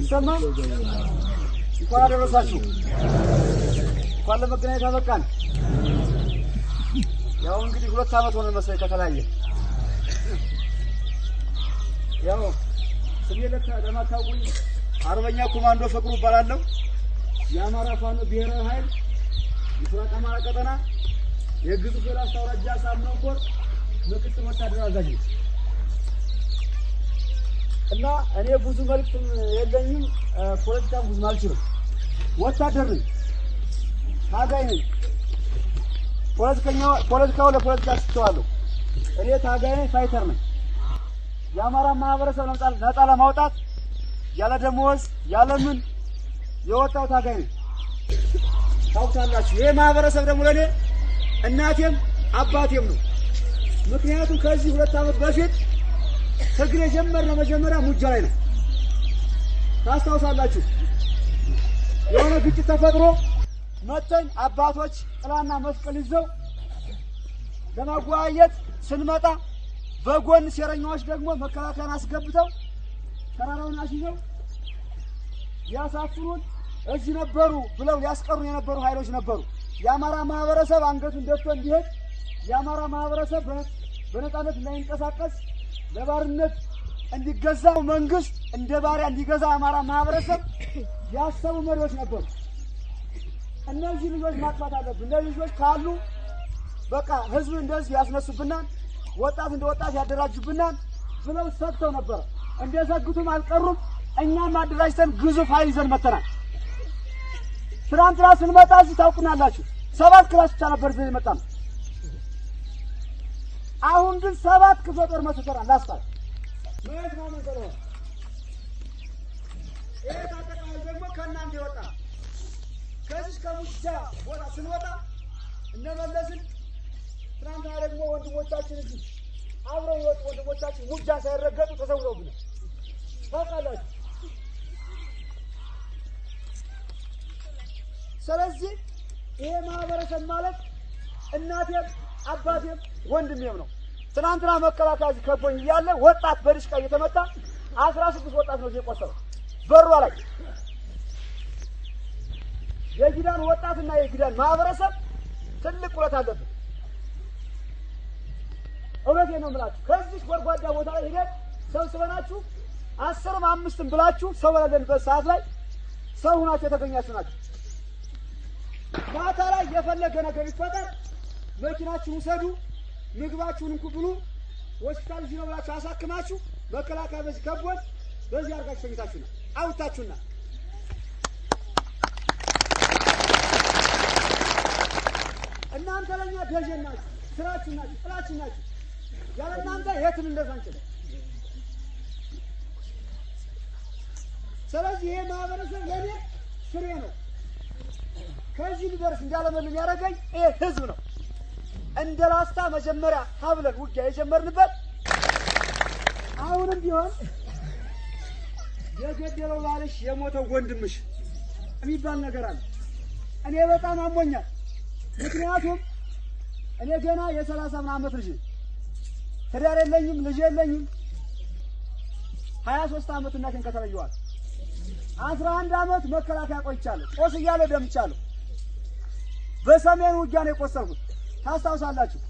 ይሰማል። እንኳን አደረሳችሁ፣ እንኳን ለመገናኘት አበቃን። ያው እንግዲህ ሁለት ዓመት ሆነ መሰለኝ ከተለያየ። ያው ስሜ ለማታውቁኝ አርበኛ ኮማንዶ ፈቅሩ እባላለሁ። የአማራ ፋኖ ብሔራዊ ኃይል ምስራቅ አማራ ቀጠና የግዙፍ ላስታ አውራጃ ሳምነው ኮር ምክትል ወታደር አዛዥ እና እኔ ብዙ መልክም የለኝም፣ ፖለቲካም ብዙም አልችልም። ወታደር ነኝ፣ ታጋይ ነኝ። ፖለቲካው ለፖለቲካ ስቸዋለሁ። እኔ ታጋይ ነኝ፣ ፋይተር ነኝ። የአማራ ማህበረሰብ ነፃ ለማውጣት ያለ ደመወዝ ያለ ምን የወጣው ታጋይ ነኝ። ታውቃላችሁ፣ ይሄ ማህበረሰብ ደግሞ ለእኔ እናቴም አባቴም ነው። ምክንያቱም ከዚህ ሁለት ዓመት በፊት ትግል የጀመርነው መጀመሪያ ሙጃ ላይ ነው። ታስታውሳላችሁ። የሆነ ግጭት ተፈጥሮ መተን አባቶች ጥላና መስቀል ይዘው ለማጓየት ስንመጣ በጎን ሴረኛዎች ደግሞ መከላከያን አስገብተው ተራራውን አስይዘው ሊያሳፍሩን እዚህ ነበሩ ብለው ሊያስቀሩን የነበሩ ኃይሎች ነበሩ። የአማራ ማህበረሰብ አንገቱን ደፍቶ እንዲሄድ፣ የአማራ ማህበረሰብ በነጻነት እንዳይንቀሳቀስ ለባርነት እንዲገዛው መንግስት እንደ ባሪያ እንዲገዛ አማራ ማህበረሰብ ያሰቡ መሪዎች ነበሩ። እነዚህ ልጆች ማጥፋት አለብን። እነዚህ ልጆች ካሉ በቃ ህዝብ እንደዚህ ያስነሱብናል፣ ወጣት እንደ ወጣት ያደራጁብናል ብለው ሰግተው ነበረ። እንደሰግቱም አልቀሩም። እኛም አደራጅተን ግዙፍ ኃይል ይዘን መተናል። ትናንትና ስንመጣ እዚህ ታውቁናላችሁ። ሰባት ክላስ ብቻ ነበር ይዘን የመጣ አሁን ግን ሰባት ክፍለ ጦር መስርተናል። ላስታል ማለት ነው ምን ስለሆነ ይሄ ደግሞ ከእናንተ ይወጣ ከዚህ ቦታ ስንወጣ እነመለስን ትናንትና ደግሞ ወንድሞቻችን እዚህ አብረው ይወጡ ወንድሞቻችን ሙጃ ሳይረገጡ ተሰውረው ብለ ታውቃላችሁ። ስለዚህ ይሄ ማህበረሰብ ማለት እናቴ አባቴም ወንድሜም ነው። ትናንትና መከላከያ ከቦኝ እያለ ወጣት በድሽቃ እየተመታ አስራ ስድስት ወጣት ነው የቆሰለው በሯ ላይ የጊዳን ወጣትና የጊዳን ማህበረሰብ ትልቅ ውለት አለብን። እውነቴ ነው የምላችሁ። ከዚህ ጎድጓዳ ቦታ ላይ ሄደን ሰብስበናችሁ አስርም አምስትም ብላችሁ ሰው በሌለንበት ሰዓት ላይ ሰው ሁናችሁ የተገኛችሁ ናችሁ። ማታ ላይ የፈለገ ነገር ይፈጠር መኪናችሁን ውሰዱ፣ ምግባችሁን እንኩ ብሉ፣ ሆስፒታል እዚህ ነው ብላችሁ አሳክማችሁ መከላከያ በዚህ ከቦን በዚህ አድርጋችሁ ተኝታችሁና አውጥታችሁና እናንተ ለኛ ደጀን ናችሁ፣ ስራችሁ ናችሁ፣ ጥላችሁ ናችሁ። ያለ እናንተ የትም እንደዛ አንችልም። ስለዚህ ይሄ ማህበረሰብ ለኔ ስሬ ነው። ከዚህ ሊደርስ እንዳለመልም ያደረገኝ ይሄ ህዝብ ነው። እንደ ላስታ መጀመሪያ ሀብለን ውጊያ የጀመርንበት አሁንም ቢሆን የገደለው ባልሽ የሞተው ወንድምሽ የሚባል ነገር አለ። እኔ በጣም አሞኛል። ምክንያቱም እኔ ገና የሰላሳ ምን ዓመት ልጅ ትዳር የለኝም፣ ልጅ የለኝም። ሀያ ሶስት ዓመት እናቴን ከተለየዋል። አስራ አንድ ዓመት መከላከያ ቆይቻለሁ። ቆስ እያለ ደምቻለሁ። በሰሜን ውጊያ ነው የቆሰልኩት። ታስታውሳላችሁ።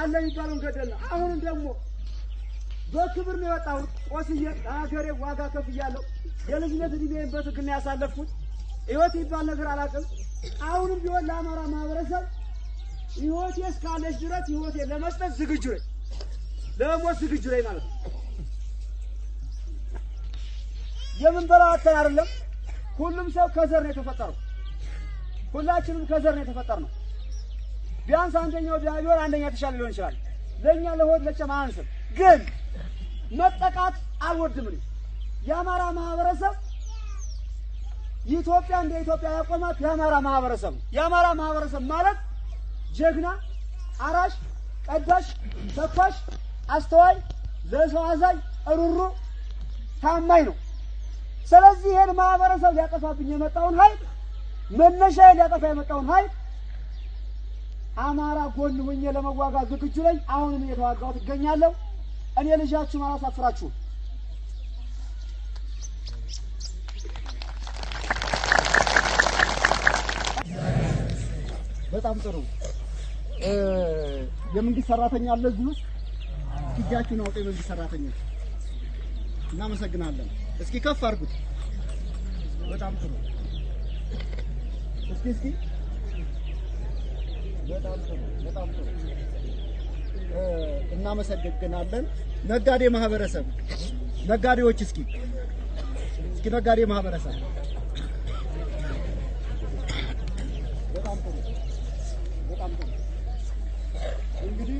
አለ የሚባለውን ገደል ነው። አሁንም ደግሞ በክብር ነው የወጣሁት። ቆስዬ ለሀገሬ ዋጋ ከፍያለሁ። የልጅነት ዕድሜን በትግል ያሳለፍኩት ህይወት የሚባል ነገር አላውቅም። አሁንም ቢሆን ለአማራ ማህበረሰብ ሕይወቴ እስካለች ድረስ ሕይወቴ ለመስጠት ዝግጁ ነኝ፣ ለሞት ዝግጁ ነኝ ማለት ነው። የምንበላው አተን አይደለም። ሁሉም ሰው ከዘር ነው የተፈጠረው። ሁላችንም ከዘር ነው የተፈጠረው። ቢያንስ አንደኛው ቢሆን አንደኛ የተሻለ ሊሆን ይችላል። ለእኛ ለሆድ መቼም ግን መጠቃት አልወድም። የአማራ ማህበረሰብ ኢትዮጵያ እንደ ኢትዮጵያ ያቆማት የአማራ ማህበረሰብ ነው። የአማራ ማህበረሰብ ማለት ጀግና፣ አራሽ፣ ቀዳሽ፣ ተኳሽ፣ አስተዋይ፣ ለሰው አዛኝ፣ እሩሩ፣ ታማኝ ነው። ስለዚህ ይሄን ማህበረሰብ ሊያጠፋብኝ የመጣውን ኃይል መነሻ ሊያጠፋ የመጣውን ኃይል አማራ ጎን ሆኜ ለመዋጋት ዝግጁ ነኝ። አሁንም እየተዋጋሁት እገኛለሁ። እኔ ልጃችሁን አላሳፍራችሁም። በጣም ጥሩ። የመንግስት ሰራተኛ አለ እዚህ ውስጥ? እጃችሁን አውጡ የመንግስት ሰራተኞች። እናመሰግናለን። እስኪ ከፍ አድርጉት። በጣም ጥሩ። እስኪ እስኪ በጣም እናመሰግናለን። ነጋዴ ማህበረሰብ ነጋዴዎች፣ እስኪ እስኪ ነጋዴ ማህበረሰብ በጣም ጥሩ በጣም ጥሩ። እንግዲህ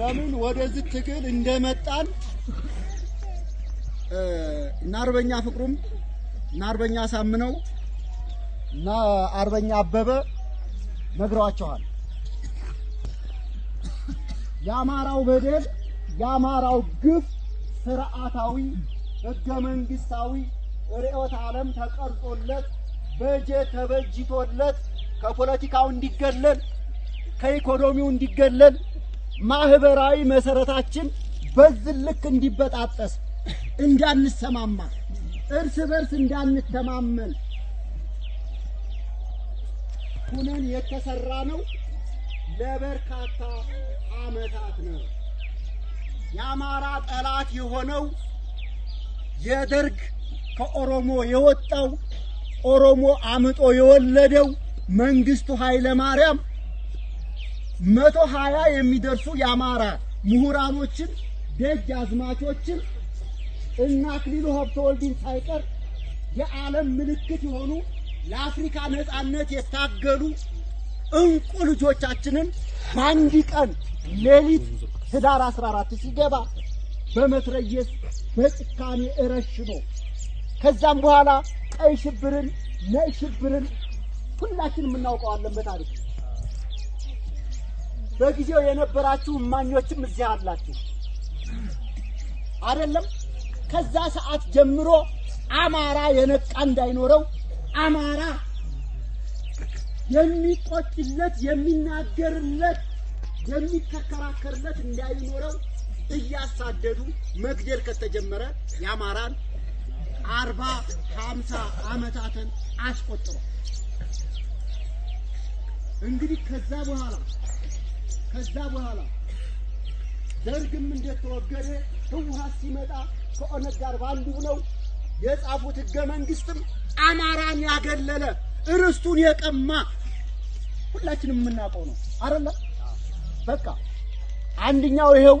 ለምን ወደዚህ ትግል እንደመጣን እና አርበኛ ፍቅሩም እና አርበኛ ሳምነው እና አርበኛ አበበ ነግሯቸዋል። የአማራው በደል፣ የአማራው ግፍ ስርዓታዊ ህገ መንግስታዊ ርዕዮተ ዓለም ተቀርጾለት በጀት ተበጅቶለት ከፖለቲካው እንዲገለል ከኢኮኖሚው እንዲገለል ማህበራዊ መሰረታችን በዚህ ልክ እንዲበጣጠስ እንዳንሰማማ እርስ በርስ እንዳንተማመን ኩነን የተሰራ ነው ለበርካታ ዓመታት ነው። የአማራ ጠላት የሆነው የደርግ ከኦሮሞ የወጣው ኦሮሞ አምጦ የወለደው መንግስቱ ኃይለ ማርያም መቶ ሀያ የሚደርሱ የአማራ ምሁራኖችን ደጅ አዝማቾችን እና አክሊሉ ሀብተወልድን ሳይቀር የዓለም ምልክት የሆኑ ለአፍሪካ ነጻነት የታገሉ እንቁ ልጆቻችንን በአንድ ቀን ሌሊት ህዳር 14 ሲገባ በመትረየስ በጭካኔ እረሽኖ ከዛም በኋላ ቀይ ሽብርን፣ ነጭ ሽብርን ሁላችን እናውቀዋለን በታሪክ በጊዜው የነበራችሁ እማኞችም እዚህ አላችሁ አይደለም? ከዛ ሰዓት ጀምሮ አማራ የነቃ እንዳይኖረው አማራ የሚቆጭለት የሚናገርለት የሚከከራከርለት እንዳይኖረው እያሳደዱ መግደል ከተጀመረ የአማራን አርባ ሀምሳ አመታትን አስቆጥሯል። እንግዲህ ከዛ በኋላ ከዛ በኋላ ደርግም እንደተወገደ ህወሓት ሲመጣ ከኦነግ ጋር ባንዱ ነው የጻፉት ህገ መንግስትም አማራን ያገለለ እርስቱን የቀማ ሁላችንም የምናውቀው ነው አይደለ? በቃ አንድኛው ይሄው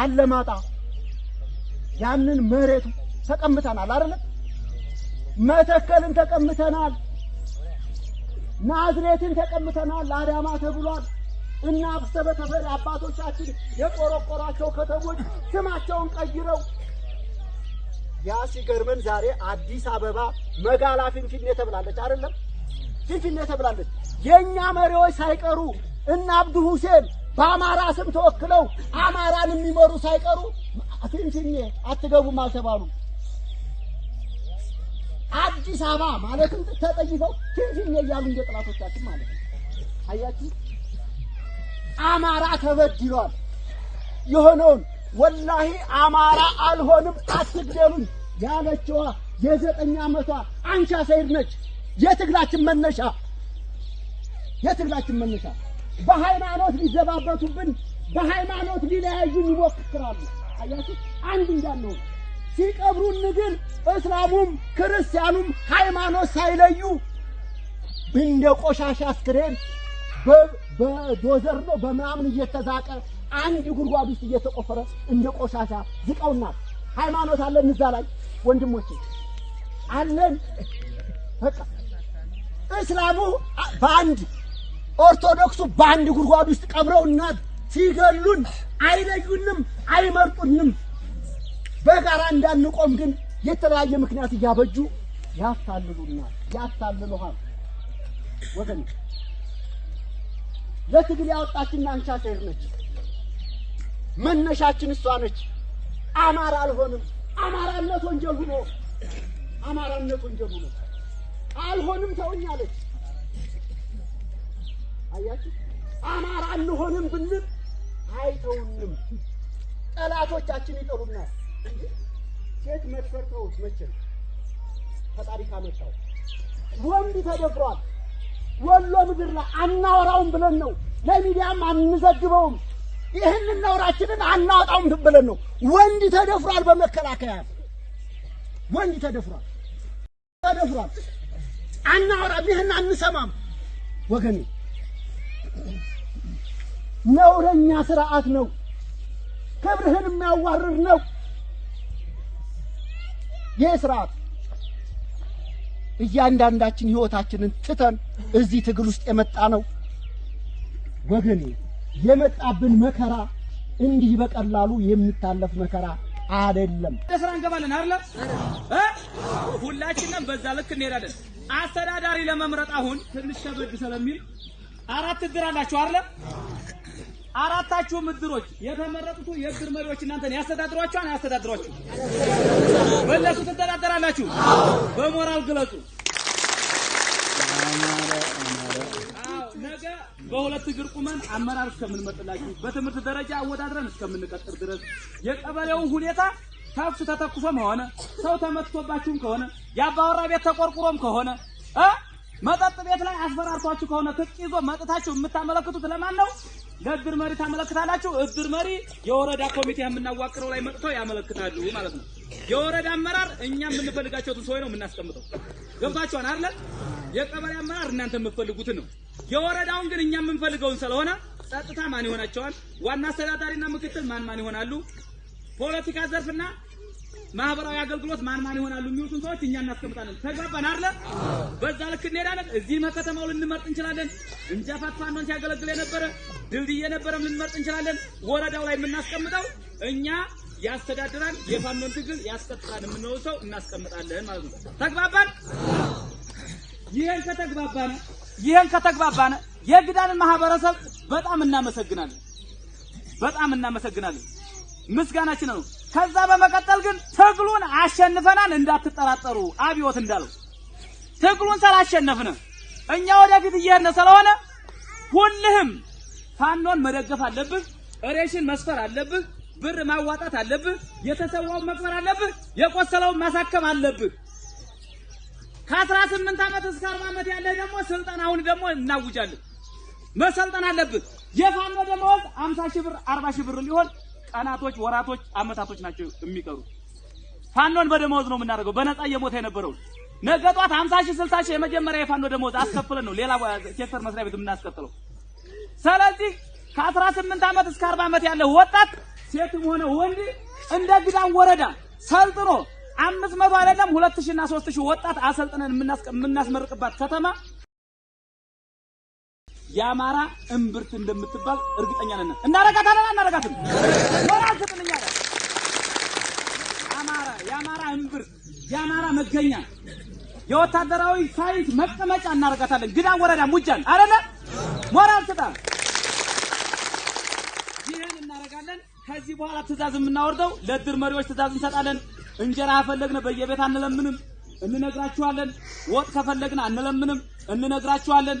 አለማጣ ያንን መሬቱ ተቀምተናል አይደለ? መተከልን ተቀምተናል፣ ናዝሬትን ተቀምተናል፣ አዳማ ተብሏል። እና አብሰ በተፈሪ አባቶቻችን የቆረቆሯቸው ከተሞች ስማቸውን ቀይረው ያ ሲገርመን ዛሬ አዲስ አበባ መጋላ ፊንፊኔ ተብላለች። አይደለም ፊንፊኔ ተብላለች። የእኛ መሪዎች ሳይቀሩ እነ አብዱ ሁሴን በአማራ ስም ተወክለው አማራን የሚመሩ ሳይቀሩ ፊንፊኔ አትገቡም አልተባሉ። አዲስ አበባ ማለትም ተጠይፈው ፊንፊኔ እያሉ እንደ ማለት ነው። አያችሁ፣ አማራ ተበድሏል የሆነውን ወላሂ አማራ አልሆንም አትግደሉኝ ያለችዋ የዘጠኝ ዓመቷ አንቻ ሰይድ ነች። የትግላችን መነሻ የትግላችን መነሻ በሃይማኖት ሊዘባበቱብን፣ በሃይማኖት ሊለያዩን ይሞክራሉ። አያችሁ አንድ እንዳለው ሲቀብሩን ግን እስላሙም ክርስቲያኑም ሃይማኖት ሳይለዩ እንደ ቆሻሻ አስክሬን በዶዘር ነው በምናምን እየተዛቀ አንድ ጉድጓድ ውስጥ እየተቆፈረ እንደ ቆሻሻ ዝቀውና ሃይማኖት አለን እዛ ላይ ወንድሞቼ አለን። በቃ እስላሙ በአንድ ኦርቶዶክሱ በአንድ ጉድጓድ ውስጥ ቀብረውና ሲገሉን አይለዩንም፣ አይመርጡንም። በጋራ እንዳንቆም ግን የተለያየ ምክንያት እያበጁ ያታልሉናል፣ ያታልሉሃል ወገን ለትግል ያወጣችን አንቻ አሴር ነች። መነሻችን እሷ ነች። አማራ አልሆንም። አማራነት ወንጀል ሁኖ አማራነት ወንጀል ሁኖ አልሆንም ተውኝ አለች። አያችሁ፣ አማራ አንሆንም ብንል አይተውንም። ጠላቶቻችን ይጠሉናል። ሴት መድፈር ተውት። መቼም ፈጣሪ ካመጣው ወንድ ተደፍሯል። ወሎ ምድር ላይ አናወራውም ብለን ነው። ለሚዲያም አንዘግበውም። ይህንን ነውራችንን አናወጣውም ብለን ነው። ወንድ ተደፍሯል፣ በመከላከያ ወንድ ተደፍሯል፣ ተደፍሯል። አናወራም፣ ይህን አንሰማም። ወገኔ ነውረኛ ስርዓት ነው። ክብርህን የሚያዋርር ነው ይህ ስርዓት። እያንዳንዳችን ህይወታችንን ትተን እዚህ ትግል ውስጥ የመጣ ነው። ወገኔ የመጣብን መከራ እንዲህ በቀላሉ የሚታለፍ መከራ አይደለም። ለስራ እንገባለን አይደለ? ሁላችንም በዛ ልክ እንሄዳለን። አስተዳዳሪ ለመምረጥ አሁን ትንሽ ከበድ ስለሚል አራት እድር አላችሁ አይደለ? አራታችሁም እድሮች የተመረጡት የእድር መሪዎች እናንተን ያስተዳድሯችኋል? አያስተዳድሯችሁ? በእነሱ ትተዳደራላችሁ? በሞራል ግለጹ። በሁለት እግር ቁመን አመራር እስከምንመጥላችሁ በትምህርት ደረጃ አወዳድረን እስከምንቀጥር ድረስ የቀበሌውን ሁኔታ ከብት ተተኩሶም ከሆነ ሰው ተመትቶባችሁም ከሆነ የአባወራ ቤት ተቆርቁሮም ከሆነ እ መጠጥ ቤት ላይ አስፈራርቷችሁ ከሆነ ትጥቅ ይዞ መጥታችሁ የምታመለክቱት ለማን ነው? ለእድር መሪ ታመለክታላችሁ። እድር መሪ የወረዳ ኮሚቴ የምናዋቅረው ላይ መጥተው ያመለክታሉ ማለት ነው። የወረዳ አመራር እኛ የምንፈልጋቸውን ሰው ነው የምናስቀምጠው። ገብታችኋል አይደል? የቀበሌ አመራር እናንተ የምትፈልጉትን ነው። የወረዳውን ግን እኛ የምንፈልገውን ስለሆነ ጸጥታ ማን ይሆናቸዋል? ዋና አስተዳዳሪና ምክትል ማን ማን ይሆናሉ? ፖለቲካ ዘርፍና ማህበራዊ አገልግሎት ማን ማን ይሆናሉ? የሚሉትን ሰዎች እኛ እናስቀምጣለን። ተግባባን አይደል? በዛ ልክ እንሄዳለን። እዚህ መከተማው ልንመርጥ እንችላለን። እንጃፋት ፋኖን ሲያገለግል የነበረ ድልድይ የነበረም ልንመርጥ እንችላለን። ወረዳው ላይ የምናስቀምጠው እኛ ያስተዳድራል። የፋኖን ትግል ያስቀጥላል። የምንለው ሰው እናስቀምጣለን ማለት ነው። ተግባባን? ይሄን ከተግባባን ይሄን ከተግባባን የግዳን ማህበረሰብ በጣም እናመሰግናለን፣ በጣም እናመሰግናለን። ምስጋናችን ነው። ከዛ በመቀጠል ግን ትግሉን አሸንፈናል እንዳትጠራጠሩ። አብዮት እንዳለው ትግሉን ስላሸነፍን እኛ ወደፊት እየሄድን ስለሆነ ሁልህም ፋኖን መደገፍ አለብህ። ሬሽን መስፈር አለብህ። ብር ማዋጣት አለብ የተሰዋውን መቅበር አለብ የቆሰለውን ማሳከም አለብ ከአስራ ስምንት ዓመት እስከ አርባ ዓመት ያለ ደግሞ ስልጠናውን ደግሞ እናውጃለን። መሰልጠን አለብ። የፋኖ ደመወዝ አምሳ ሺህ ብር አርባ ሺህ ብር ሊሆን ቀናቶች፣ ወራቶች፣ አመታቶች ናቸው የሚቀሩ ፋኖን በደመወዝ ነው የምናደርገው። በነፃ እየሞተ የነበረው ነገጧት ጧት 50 ሺህ 60 ሺህ የመጀመሪያ የፋኖ ደመወዝ አስከፍለን ነው ሌላ ሴክተር መስሪያ ቤት የምናስከፍለው። ስለዚህ ከ18 ዓመት እስከ 40 ዓመት ያለው ወጣት ሴትም ሆነ ወንድ እንደ ግዳን ወረዳ ሰልጥኖ አምስት መቶ አይደለም ሁለት ሺህ እና ሶስት ሺህ ወጣት አሰልጥነን የምናስመርቅባት ከተማ የአማራ እምብርት እንደምትባል እርግጠኛ ነን። እናረጋታለን፣ አናረጋትም። ወራዝጥንኛ አማራ የአማራ እምብርት የአማራ መገኛ የወታደራዊ ሳይንስ መቀመጫ እናረጋታለን። ግዳን ወረዳ ሙጃን አይደለ ሞራል ስጣ ከዚህ በኋላ ትእዛዝ የምናወርደው ለድር መሪዎች ትእዛዝ እንሰጣለን። እንጀራ ከፈለግን በየቤት አንለምንም፣ እንነግራችኋለን። ወጥ ከፈለግን አንለምንም፣ እንነግራችኋለን።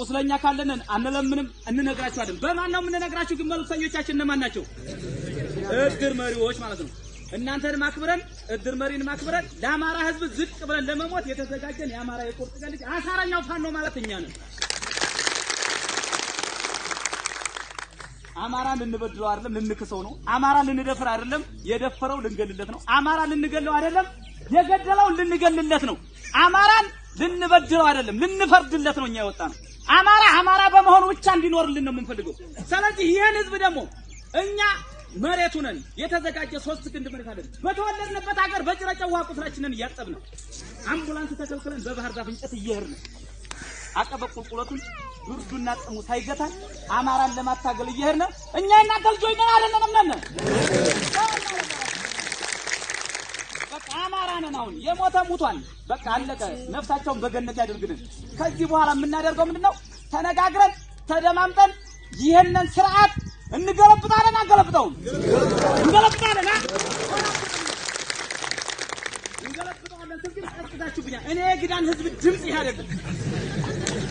ቁስለኛ ካለንን አንለምንም፣ እንነግራችኋለን። በማን ነው የምንነግራችሁ? ግን መልእክተኞቻችን እነማን ናቸው? እድር መሪዎች ማለት ነው። እናንተን ማክብረን እድር መሪን ማክብረን ለአማራ ህዝብ ዝቅ ብለን ለመሞት የተዘጋጀን የአማራ የቁርጥ ቀን ልጅ አሳረኛው ፋኖ ማለት እኛ ነን። አማራ ልንበድለው አይደለም፣ ልንክሰው ነው። አማራ ልንደፍር አይደለም፣ የደፈረው ልንገልለት ነው። አማራ ልንገለው አይደለም፣ የገደለው ልንገልለት ነው። አማራን ልንበድለው አይደለም፣ ልንፈርድለት ነው እኛ የወጣ ነው። አማራ አማራ በመሆኑ ብቻ እንዲኖርልን ነው የምንፈልገው። ስለዚህ ይህን ህዝብ ደግሞ እኛ መሬቱ ነን የተዘጋጀ ሶስት ግንድ መሬት አለን። በተወለድንበት ሀገር በጭረጫ ውሃ ቁስላችንን እያጠብን አምቡላንስ ተከልክለን በባህር ዛፍ እንጨት እየሄድን አጠበቅ ቁልቁለቱን ብርዱና ጥሙ ሳይገታ አማራን ለማታገል እየሄድን እኛ እናንተ ልጆች ነን አይደለንም? ነን በቃ አማራ ነን። አሁን የሞተ ሙቷል፣ በቃ አለቀ። ነፍሳቸውን በገነት ያደርግልን። ከዚህ በኋላ የምናደርገው ምንድን ነው? ተነጋግረን ተደማምጠን ይህንን ስርዓት እንገለብጣለን። አንገለብጠውም፣ እንገለብጣለን እንገለብጠዋለን። ስል ግን ቀጥታችሁብኛል። እኔ የግዳን ህዝብ ድምፅ አይደለም